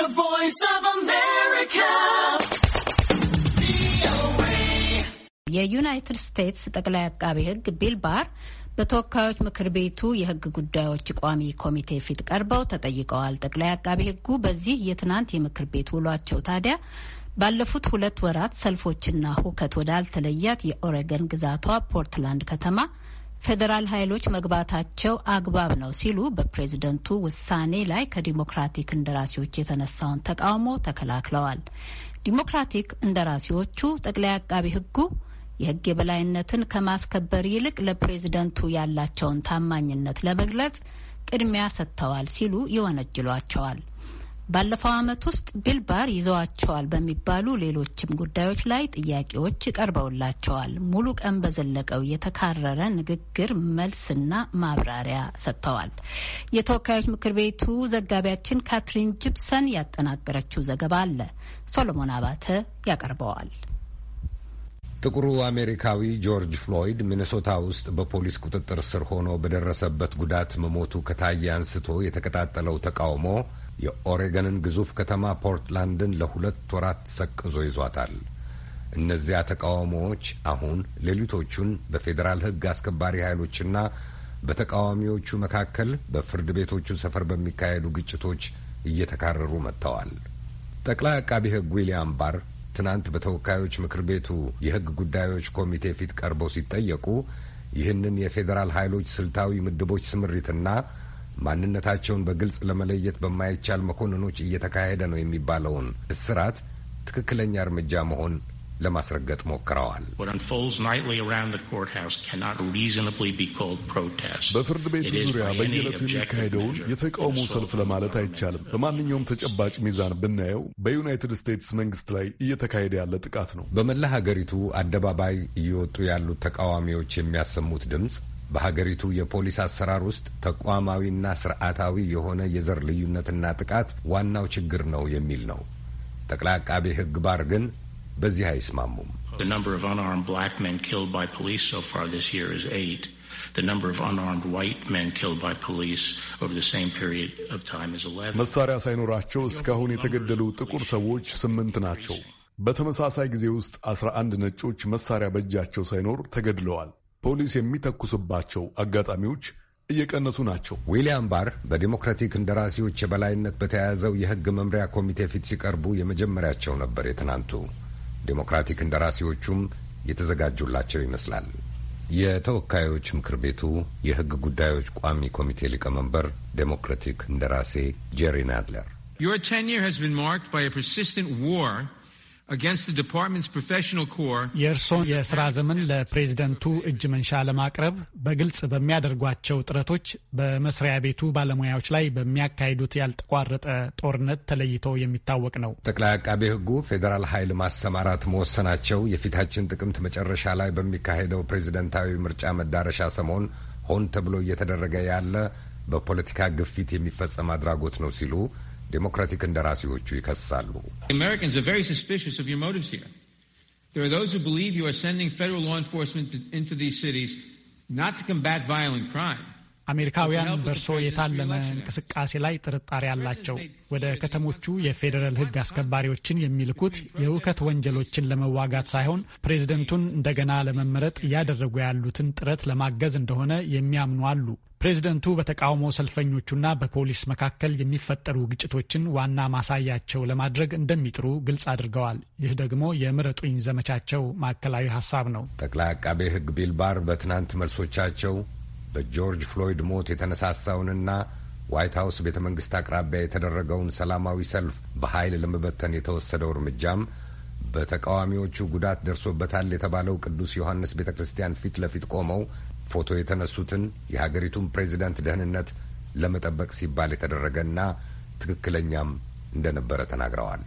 The Voice of America. የዩናይትድ ስቴትስ ጠቅላይ አቃቤ ሕግ ቢል ባር በተወካዮች ምክር ቤቱ የህግ ጉዳዮች ቋሚ ኮሚቴ ፊት ቀርበው ተጠይቀዋል። ጠቅላይ አቃቢ ህጉ በዚህ የትናንት የምክር ቤት ውሏቸው ታዲያ ባለፉት ሁለት ወራት ሰልፎችና ሁከት ወዳልተለያት የኦሬገን ግዛቷ ፖርትላንድ ከተማ ፌዴራል ኃይሎች መግባታቸው አግባብ ነው ሲሉ በፕሬዝደንቱ ውሳኔ ላይ ከዲሞክራቲክ እንደራሴዎች የተነሳውን ተቃውሞ ተከላክለዋል። ዲሞክራቲክ እንደራሴዎቹ ጠቅላይ አቃቢ ሕጉ የሕግ የበላይነትን ከማስከበር ይልቅ ለፕሬዝደንቱ ያላቸውን ታማኝነት ለመግለጽ ቅድሚያ ሰጥተዋል ሲሉ ይወነጅሏቸዋል። ባለፈው ዓመት ውስጥ ቢልባር ይዘዋቸዋል በሚባሉ ሌሎችም ጉዳዮች ላይ ጥያቄዎች ቀርበውላቸዋል። ሙሉ ቀን በዘለቀው የተካረረ ንግግር መልስና ማብራሪያ ሰጥተዋል። የተወካዮች ምክር ቤቱ ዘጋቢያችን ካትሪን ጂፕሰን ያጠናቀረችው ዘገባ አለ። ሶሎሞን አባተ ያቀርበዋል። ጥቁሩ አሜሪካዊ ጆርጅ ፍሎይድ ሚኔሶታ ውስጥ በፖሊስ ቁጥጥር ስር ሆኖ በደረሰበት ጉዳት መሞቱ ከታየ አንስቶ የተቀጣጠለው ተቃውሞ የኦሬገንን ግዙፍ ከተማ ፖርትላንድን ለሁለት ወራት ሰቅዞ ይዟታል። እነዚያ ተቃውሞዎች አሁን ሌሊቶቹን በፌዴራል ሕግ አስከባሪ ኃይሎችና በተቃዋሚዎቹ መካከል በፍርድ ቤቶቹ ሰፈር በሚካሄዱ ግጭቶች እየተካረሩ መጥተዋል። ጠቅላይ አቃቢ ሕግ ዊልያም ባር ትናንት በተወካዮች ምክር ቤቱ የሕግ ጉዳዮች ኮሚቴ ፊት ቀርበው ሲጠየቁ ይህንን የፌዴራል ኃይሎች ስልታዊ ምድቦች ስምሪትና ማንነታቸውን በግልጽ ለመለየት በማይቻል መኮንኖች እየተካሄደ ነው የሚባለውን እስራት ትክክለኛ እርምጃ መሆን ለማስረገጥ ሞክረዋል። በፍርድ ቤቱ ዙሪያ በየዕለቱ የሚካሄደውን የተቃውሞ ሰልፍ ለማለት አይቻልም። በማንኛውም ተጨባጭ ሚዛን ብናየው በዩናይትድ ስቴትስ መንግስት ላይ እየተካሄደ ያለ ጥቃት ነው። በመላ ሀገሪቱ አደባባይ እየወጡ ያሉት ተቃዋሚዎች የሚያሰሙት ድምፅ በሀገሪቱ የፖሊስ አሰራር ውስጥ ተቋማዊና ስርዓታዊ የሆነ የዘር ልዩነትና ጥቃት ዋናው ችግር ነው የሚል ነው። ጠቅላይ አቃቤ ሕግ ባር ግን በዚህ አይስማሙም። መሳሪያ ሳይኖራቸው እስካሁን የተገደሉ ጥቁር ሰዎች ስምንት ናቸው። በተመሳሳይ ጊዜ ውስጥ አስራ አንድ ነጮች መሳሪያ በእጃቸው ሳይኖር ተገድለዋል። ፖሊስ የሚተኩስባቸው አጋጣሚዎች እየቀነሱ ናቸው። ዊልያም ባር በዲሞክራቲክ እንደራሴዎች የበላይነት በተያያዘው የህግ መምሪያ ኮሚቴ ፊት ሲቀርቡ የመጀመሪያቸው ነበር የትናንቱ። ዲሞክራቲክ እንደራሴዎቹም የተዘጋጁላቸው ይመስላል። የተወካዮች ምክር ቤቱ የህግ ጉዳዮች ቋሚ ኮሚቴ ሊቀመንበር ዴሞክራቲክ እንደራሴ ጄሪ ናድለር Your tenure has been marked by a persistent war የእርሶን የስራ ዘመን ለፕሬዝደንቱ እጅ መንሻ ለማቅረብ በግልጽ በሚያደርጓቸው ጥረቶች በመስሪያ ቤቱ ባለሙያዎች ላይ በሚያካሂዱት ያልተቋረጠ ጦርነት ተለይቶ የሚታወቅ ነው። ጠቅላይ አቃቤ ሕጉ ፌዴራል ኃይል ማሰማራት መወሰናቸው የፊታችን ጥቅምት መጨረሻ ላይ በሚካሄደው ፕሬዝደንታዊ ምርጫ መዳረሻ ሰሞን ሆን ተብሎ እየተደረገ ያለ በፖለቲካ ግፊት የሚፈጸም አድራጎት ነው ሲሉ ዴሞክራቲክ እንደራሴዎቹ ይከሳሉ። ሪንስ አሜሪካውያን በእርሶ የታለመ እንቅስቃሴ ላይ ጥርጣሬ አላቸው። ወደ ከተሞቹ የፌዴራል ሕግ አስከባሪዎችን የሚልኩት የውከት ወንጀሎችን ለመዋጋት ሳይሆን ፕሬዝደንቱን እንደገና ለመመረጥ እያደረጉ ያሉትን ጥረት ለማገዝ እንደሆነ የሚያምኑ አሉ። ፕሬዝደንቱ በተቃውሞ ሰልፈኞቹና በፖሊስ መካከል የሚፈጠሩ ግጭቶችን ዋና ማሳያቸው ለማድረግ እንደሚጥሩ ግልጽ አድርገዋል። ይህ ደግሞ የምረጡኝ ዘመቻቸው ማዕከላዊ ሀሳብ ነው። ጠቅላይ አቃቤ ሕግ ቢልባር በትናንት መልሶቻቸው በጆርጅ ፍሎይድ ሞት የተነሳሳውንና ዋይት ሀውስ ቤተ መንግስት አቅራቢያ የተደረገውን ሰላማዊ ሰልፍ በኃይል ለመበተን የተወሰደው እርምጃም በተቃዋሚዎቹ ጉዳት ደርሶበታል የተባለው ቅዱስ ዮሐንስ ቤተ ክርስቲያን ፊት ለፊት ቆመው ፎቶ የተነሱትን የሀገሪቱን ፕሬዚደንት ደህንነት ለመጠበቅ ሲባል የተደረገና ትክክለኛም እንደነበረ ተናግረዋል።